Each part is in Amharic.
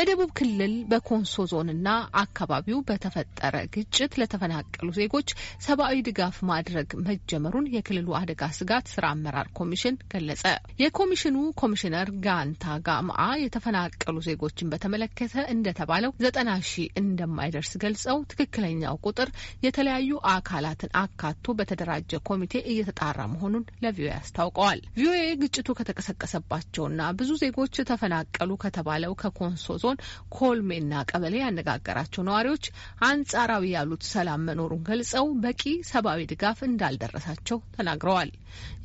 በደቡብ ክልል በኮንሶ ዞንና አካባቢው በተፈጠረ ግጭት ለተፈናቀሉ ዜጎች ሰብአዊ ድጋፍ ማድረግ መጀመሩን የክልሉ አደጋ ስጋት ስራ አመራር ኮሚሽን ገለጸ። የኮሚሽኑ ኮሚሽነር ጋንታ ጋማአ የተፈናቀሉ ዜጎችን በተመለከተ እንደተባለው ዘጠና ሺህ እንደማይደርስ ገልጸው ትክክለኛው ቁጥር የተለያዩ አካላትን አካቶ በተደራጀ ኮሚቴ እየተጣራ መሆኑን ለቪኦኤ አስታውቀዋል። ቪኦኤ ግጭቱ ከተቀሰቀሰባቸውና ብዙ ዜጎች ተፈናቀሉ ከተባለው ከኮንሶ ዞን ኮልሜና ቀበሌ ያነጋገራቸው ነዋሪዎች አንጻራዊ ያሉት ሰላም መኖሩን ገልጸው በቂ ሰብአዊ ድጋፍ እንዳልደረሳቸው ተናግረዋል።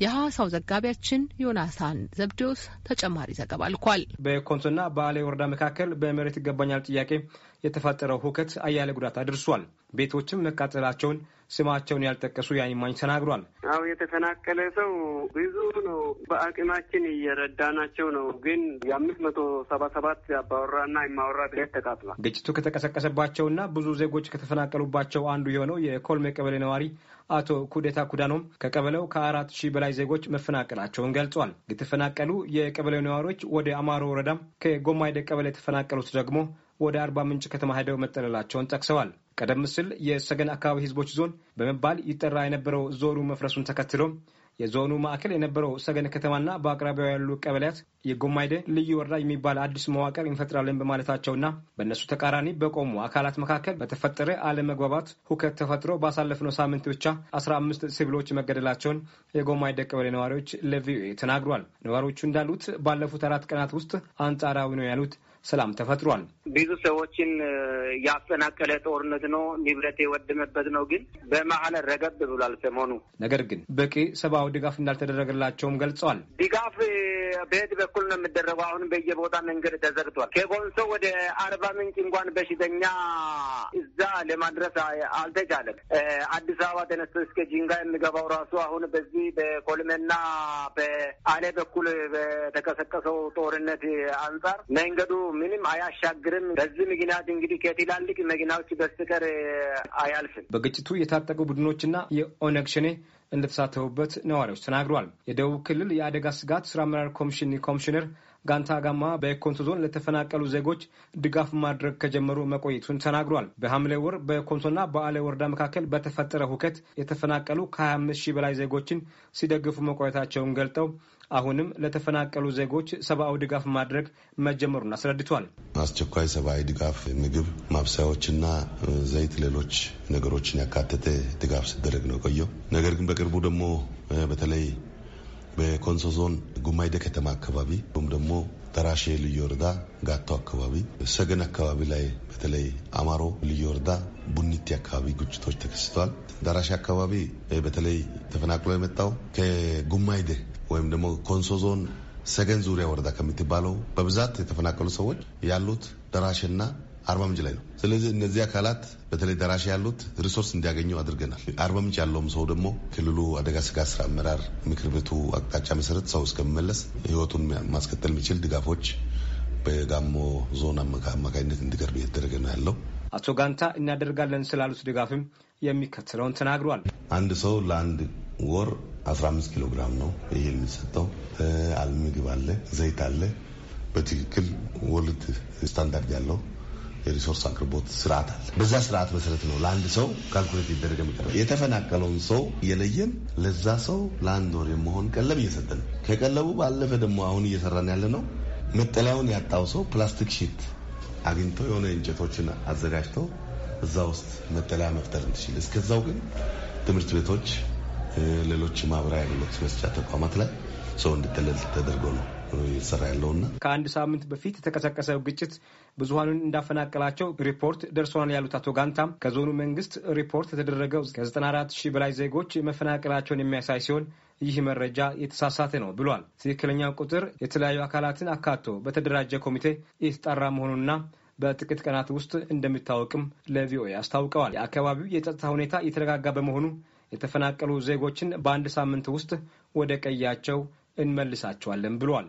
የሐዋሳው ዘጋቢያችን ዮናታን ዘብዴዎስ ተጨማሪ ዘገባ ልኳል። በኮንሶና በአሌ ወረዳ መካከል በመሬት ይገባኛል ጥያቄ የተፈጠረው ሁከት አያሌ ጉዳት አድርሷል። ቤቶችም መቃጠላቸውን ስማቸውን ያልጠቀሱ የአይማኝ ተናግሯል። አው የተፈናቀለ ሰው ብዙ ነው። በአቅማችን እየረዳናቸው ነው። ግን የአምስት መቶ ሰባ ሰባት አባወራና የማወራ ቤት ተቃጥሏል። ግጭቱ ከተቀሰቀሰባቸውና ብዙ ዜጎች ከተፈናቀሉባቸው አንዱ የሆነው የኮልሜ ቀበሌ ነዋሪ አቶ ኩዴታ ኩዳኖም ከቀበሌው ከአራት ሺህ በላይ ዜጎች መፈናቀላቸውን ገልጿል። የተፈናቀሉ የቀበሌው ነዋሪዎች ወደ አማሮ ወረዳም ከጎማይደ ቀበሌ የተፈናቀሉት ደግሞ ወደ አርባ ምንጭ ከተማ ሄደው መጠለላቸውን ጠቅሰዋል። ቀደም ሲል የሰገን አካባቢ ህዝቦች ዞን በመባል ይጠራ የነበረው ዞኑ መፍረሱን ተከትሎ የዞኑ ማዕከል የነበረው ሰገን ከተማና በአቅራቢያው ያሉ ቀበሌያት የጎማይደ ልዩ ወረዳ የሚባል አዲስ መዋቅር እንፈጥራለን በማለታቸውና በእነሱ ተቃራኒ በቆሙ አካላት መካከል በተፈጠረ አለመግባባት ሁከት ተፈጥሮ ባሳለፍነው ሳምንት ብቻ አስራ አምስት ሲቪሎች መገደላቸውን የጎማይደ ቀበሌ ነዋሪዎች ለቪኦኤ ተናግሯል። ነዋሪዎቹ እንዳሉት ባለፉት አራት ቀናት ውስጥ አንጻራዊ ነው ያሉት ሰላም ተፈጥሯል። ብዙ ሰዎችን ያፈናቀለ ጦርነት ነው፣ ንብረት የወደመበት ነው። ግን በመሀል ረገብ ብሏል ሰሞኑ። ነገር ግን በቂ ሰብአዊ ድጋፍ እንዳልተደረገላቸውም ገልጸዋል። ድጋፍ በየት በኩል ነው የሚደረገው? አሁን በየቦታ መንገድ ተዘግቷል። ከኮንሶ ወደ አርባ ምንጭ እንኳን በሽተኛ እዛ ለማድረስ አልተቻለም። አዲስ አበባ ተነስቶ እስከ ጂንጋ የሚገባው ራሱ አሁን በዚህ በኮልሜና በአሌ በኩል በተቀሰቀሰው ጦርነት አንጻር መንገዱ ምንም አያሻግርም። በዚህ ምክንያት እንግዲህ ከትላልቅ መኪናዎች በስተቀር አያልፍም። በግጭቱ የታጠቁ ቡድኖችና የኦነግ ሸኔ እንደተሳተፉበት ነዋሪዎች ተናግረዋል። የደቡብ ክልል የአደጋ ስጋት ስራ አመራር ኮሚሽን ኮሚሽነር ጋንታ ጋማ በኮንሶ ዞን ለተፈናቀሉ ዜጎች ድጋፍ ማድረግ ከጀመሩ መቆየቱን ተናግሯል። በሐምሌ ወር በኮንሶና በአሌ ወረዳ መካከል በተፈጠረ ሁከት የተፈናቀሉ ከ25 ሺህ በላይ ዜጎችን ሲደግፉ መቆየታቸውን ገልጠው አሁንም ለተፈናቀሉ ዜጎች ሰብአዊ ድጋፍ ማድረግ መጀመሩን አስረድቷል። አስቸኳይ ሰብአዊ ድጋፍ ምግብ፣ ማብሰያዎችና ዘይት፣ ሌሎች ነገሮችን ያካተተ ድጋፍ ሲደረግ ነው ቆየው። ነገር ግን በቅርቡ ደግሞ በተለይ በኮንሶ ዞን ጉማይደ ከተማ አካባቢ ወይም ደግሞ ደራሼ ልዩ ወረዳ ጋቶ አካባቢ፣ ሰገን አካባቢ ላይ በተለይ አማሮ ልዩ ወረዳ ቡኒቲ አካባቢ ግጭቶች ተከስተዋል። ደራሼ አካባቢ በተለይ ተፈናቅሎ የመጣው ከጉማይደ ወይም ደግሞ ኮንሶ ዞን ሰገን ዙሪያ ወረዳ ከምትባለው በብዛት የተፈናቀሉ ሰዎች ያሉት ደራሽና አርባ ምንጭ ላይ ነው። ስለዚህ እነዚህ አካላት በተለይ ደራሽ ያሉት ሪሶርስ እንዲያገኙ አድርገናል። አርባ ምንጭ ያለውም ሰው ደግሞ ክልሉ አደጋ ስጋት ስራ አመራር ምክር ቤቱ አቅጣጫ መሰረት ሰው እስከሚመለስ ህይወቱን ማስቀጠል የሚችል ድጋፎች በጋሞ ዞን አማካኝነት እንዲቀርብ እየተደረገ ነው ያለው። አቶ ጋንታ እናደርጋለን ስላሉት ድጋፍም የሚከተለውን ተናግሯል። አንድ ሰው ለአንድ ወር 15 ኪሎ ግራም ነው ይሄ የሚሰጠው። አልሚ ምግብ አለ፣ ዘይት አለ። በትክክል ወልድ ስታንዳርድ ያለው የሪሶርስ አቅርቦት ስርዓት አለ። በዛ ስርዓት መሰረት ነው ለአንድ ሰው ካልኩሌት ሊደረግ የሚቀርበው። የተፈናቀለውን ሰው እየለየን ለዛ ሰው ለአንድ ወር የመሆን ቀለብ ነው። ከቀለቡ ባለፈ ደግሞ አሁን እየሰራን ያለ ነው መጠለያውን ያጣው ሰው ፕላስቲክ ሺት አግኝቶ የሆነ እንጨቶችን አዘጋጅተው እዛ ውስጥ መጠለያ መፍጠር እንችል። እስከዛው ግን ትምህርት ቤቶች፣ ሌሎች ማህበራዊ አገልግሎት መስጫ ተቋማት ላይ ሰው እንድጠለል ተደርጎ ነው እየተሰራ ያለውና ከአንድ ሳምንት በፊት የተቀሰቀሰው ግጭት ብዙሀኑን እንዳፈናቀላቸው ሪፖርት ደርሶናል ያሉት አቶ ጋንታም ከዞኑ መንግስት ሪፖርት የተደረገው ከ 4 ሺህ በላይ ዜጎች መፈናቀላቸውን የሚያሳይ ሲሆን ይህ መረጃ የተሳሳተ ነው ብሏል። ትክክለኛው ቁጥር የተለያዩ አካላትን አካቶ በተደራጀ ኮሚቴ የተጣራ መሆኑንና በጥቂት ቀናት ውስጥ እንደሚታወቅም ለቪኦኤ አስታውቀዋል። የአካባቢው የጸጥታ ሁኔታ የተረጋጋ በመሆኑ የተፈናቀሉ ዜጎችን በአንድ ሳምንት ውስጥ ወደ ቀያቸው እንመልሳቸዋለን ብሏል።